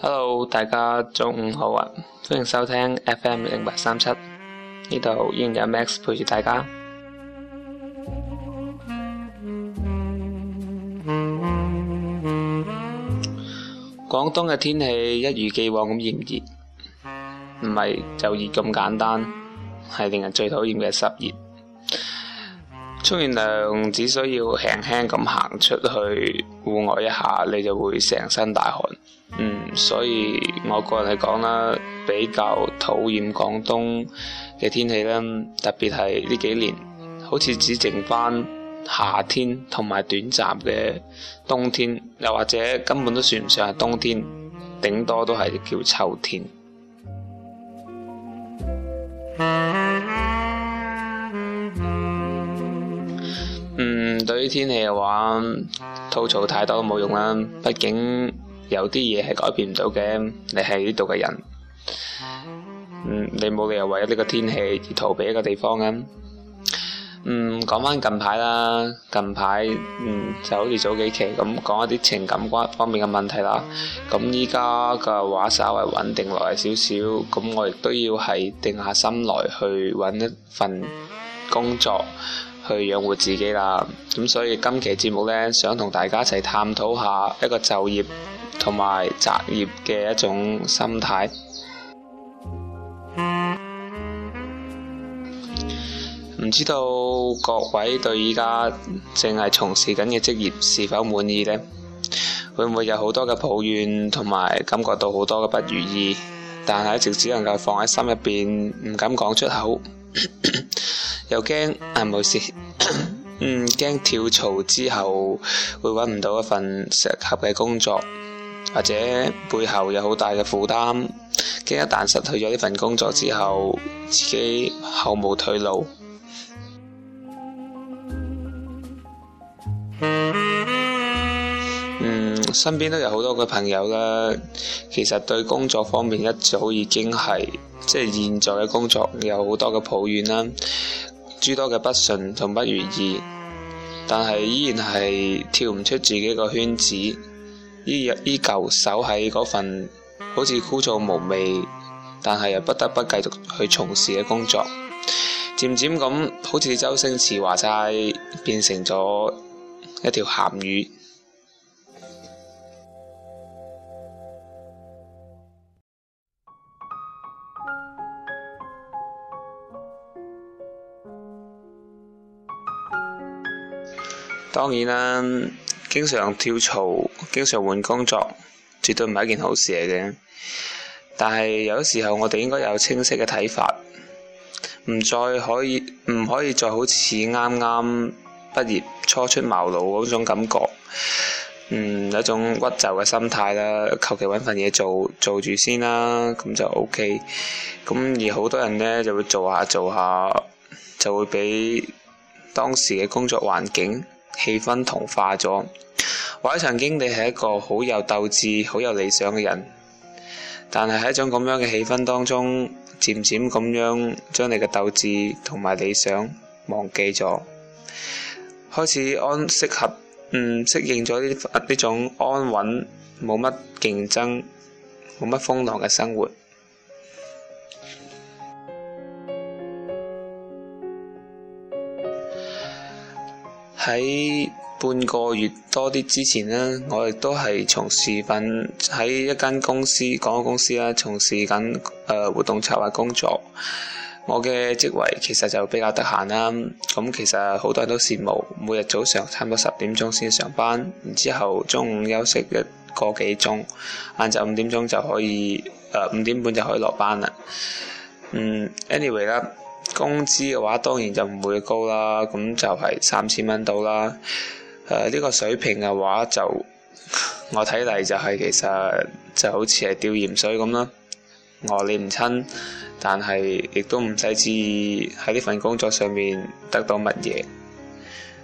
Hello，大家中午好啊！歡迎收聽 FM 零八三七，呢度依然有 Max 陪住大家。廣 東嘅天氣一如既往咁炎熱，唔係就熱咁簡單，係令人最討厭嘅濕熱。沖完涼，只需要輕輕咁行出去戶外一下，你就會成身大汗。嗯，所以我個人嚟講啦，比較討厭廣東嘅天氣啦。特別係呢幾年，好似只剩翻夏天同埋短暫嘅冬天，又或者根本都算唔上係冬天，頂多都係叫秋天。嗯，對於天氣嘅話，吐槽太多都冇用啦。畢竟有啲嘢係改變唔到嘅。你係呢度嘅人，嗯，你冇理由為咗呢個天氣而逃避一個地方嘅。嗯，講翻近排啦，近排嗯就好似早幾期咁，講一啲情感關方面嘅問題啦。咁依家嘅話，稍微穩定落嚟少少，咁我亦都要係定下心來去搵一份工作，去養活自己啦，咁所以今期節目呢，想同大家一齊探討一下一個就業同埋擇業嘅一種心態。唔 知道各位對依家正係從事緊嘅職業是否滿意呢？會唔會有好多嘅抱怨同埋感覺到好多嘅不如意，但係一直只能夠放喺心入邊，唔敢講出口。 又驚啊，冇事， 嗯，驚跳槽之後會揾唔到一份適合嘅工作，或者背後有好大嘅負擔，驚一旦失去咗呢份工作之後，自己毫無退路。嗯，身邊都有好多嘅朋友啦，其實對工作方面一早已經係即係現在嘅工作有好多嘅抱怨啦。諸多嘅不順同不如意，但係依然係跳唔出自己個圈子，日日依舊守喺嗰份好似枯燥無味，但係又不得不繼續去從事嘅工作，漸漸咁好似周星馳話齋，變成咗一條鹹魚。當然啦、啊，經常跳槽、經常換工作，絕對唔係一件好事嚟嘅。但係有時候我哋應該有清晰嘅睇法，唔再可以唔可以再好似啱啱畢業初出茅廬嗰種感覺，嗯，有一種屈就嘅心態啦，求其揾份嘢做做住先啦，咁就 OK。咁而好多人呢，就會做下做下，就會俾當時嘅工作環境，氣氛同化咗，或者曾經你係一個好有鬥志、好有理想嘅人，但係喺一種咁樣嘅氣氛當中，漸漸咁樣將你嘅鬥志同埋理想忘記咗，開始安適合唔適、嗯、適應咗呢呢種安穩、冇乜競爭、冇乜風浪嘅生活。喺半個月多啲之前呢，我亦都係從事緊喺一間公司廣告公司啦、啊，從事緊誒、呃、活動策劃工作。我嘅職位其實就比較得閒啦，咁、嗯、其實好多人都羨慕，每日早上差唔多十點鐘先上班，然之後中午休息一個幾鐘，晏晝五點鐘就可以誒、呃、五點半就可以落班啦。嗯，anyway 啦、啊。工資嘅話當然就唔會高啦，咁就係三千蚊到啦。誒、呃、呢、呢個水平嘅話就，我睇嚟就係、是、其實就好似係吊鹽水咁啦，餓你唔親，但係亦都唔使志在喺呢份工作上面得到乜嘢，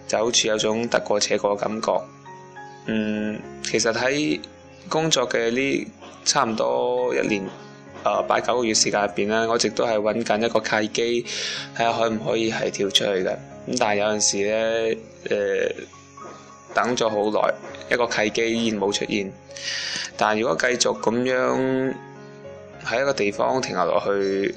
就好似有種得過且過嘅感覺。嗯，其實喺工作嘅呢差唔多一年。誒八、呃、九個月時間入邊咧，我一直都係揾緊一個契機，睇下可唔可以係跳出去嘅。咁但係有陣時咧，誒、呃、等咗好耐，一個契機依然冇出現。但如果繼續咁樣喺一個地方停留落去，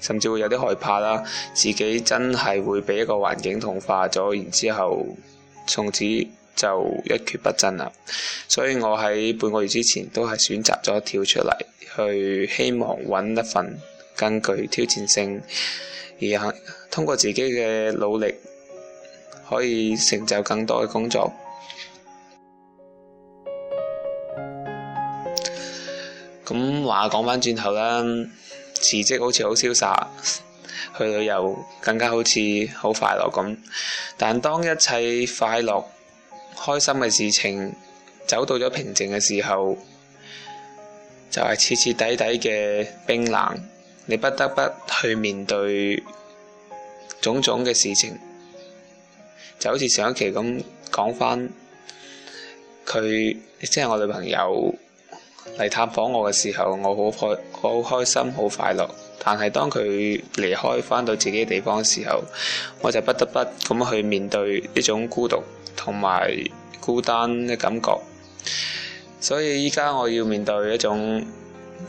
甚至會有啲害怕啦，自己真係會俾一個環境同化咗，然之後從此。就一蹶不振啦，所以我喺半個月之前都係選擇咗跳出嚟，去希望揾一份更具挑戰性而肯通過自己嘅努力可以成就更多嘅工作。咁 話講返轉頭啦，辭職好似好瀟灑，去旅遊更加好似好快樂咁，但當一切快樂。開心嘅事情走到咗平靜嘅時候，就係徹徹底底嘅冰冷。你不得不去面對種種嘅事情，就好似上一期咁講翻佢，即係我女朋友嚟探訪我嘅時候，我好開好開心，好快樂。但係當佢離開翻到自己嘅地方嘅時候，我就不得不咁去面對呢種孤獨。同埋孤單嘅感覺，所以依家我要面對一種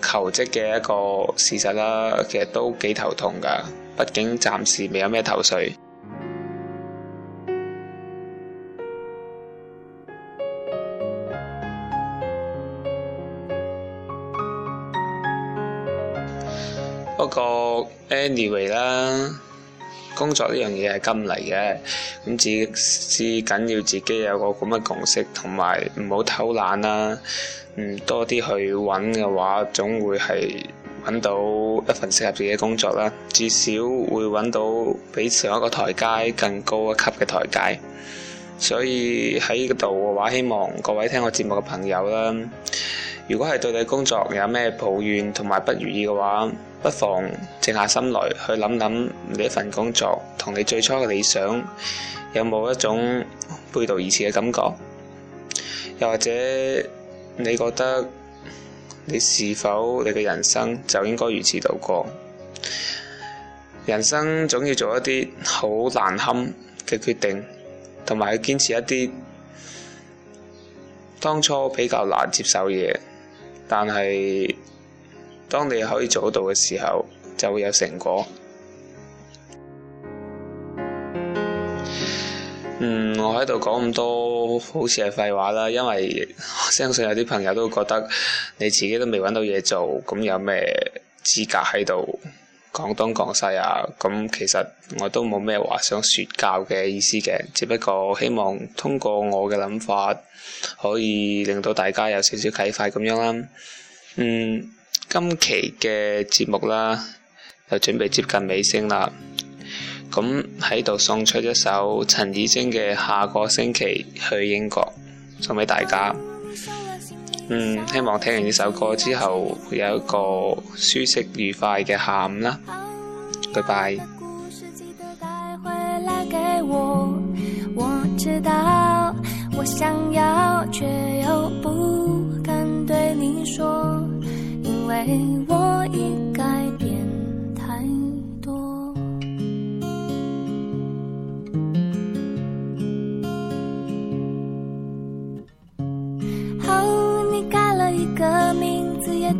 求職嘅一個事實啦、啊，其實都幾頭痛噶，畢竟暫時未有咩頭緒。 不過 anyway 啦。工作呢樣嘢係金嚟嘅，咁至至緊要自己有個咁嘅共識，同埋唔好偷懶啦、啊，嗯，多啲去揾嘅話，總會係揾到一份適合自己嘅工作啦，至少會揾到比上一個台階更高一級嘅台階，所以喺呢度嘅話，希望各位聽我節目嘅朋友啦。如果係對你工作有咩抱怨同埋不如意嘅話，不妨靜下心來去諗諗你一份工作同你最初嘅理想有冇一種背道而馳嘅感覺，又或者你覺得你是否你嘅人生就應該如此度過？人生總要做一啲好難堪嘅決定，同埋要堅持一啲當初比較難接受嘅嘢。但係，當你可以做到嘅時候，就會有成果。嗯，我喺度講咁多，好似係廢話啦。因為相信有啲朋友都覺得你自己都未搵到嘢做，咁有咩資格喺度講東講西啊，咁其實我都冇咩話想説教嘅意思嘅，只不過希望通過我嘅諗法可以令到大家有少少啟發咁樣啦。嗯，今期嘅節目啦，就準備接近尾聲啦，咁喺度送出一首陳以貞嘅《下個星期去英國》，送俾大家。嗯，希望聽完呢首歌之後會有一個舒適愉快嘅下午啦，拜拜。我。我我知道我想要，卻又不敢對你説，因為我已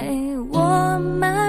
為我們。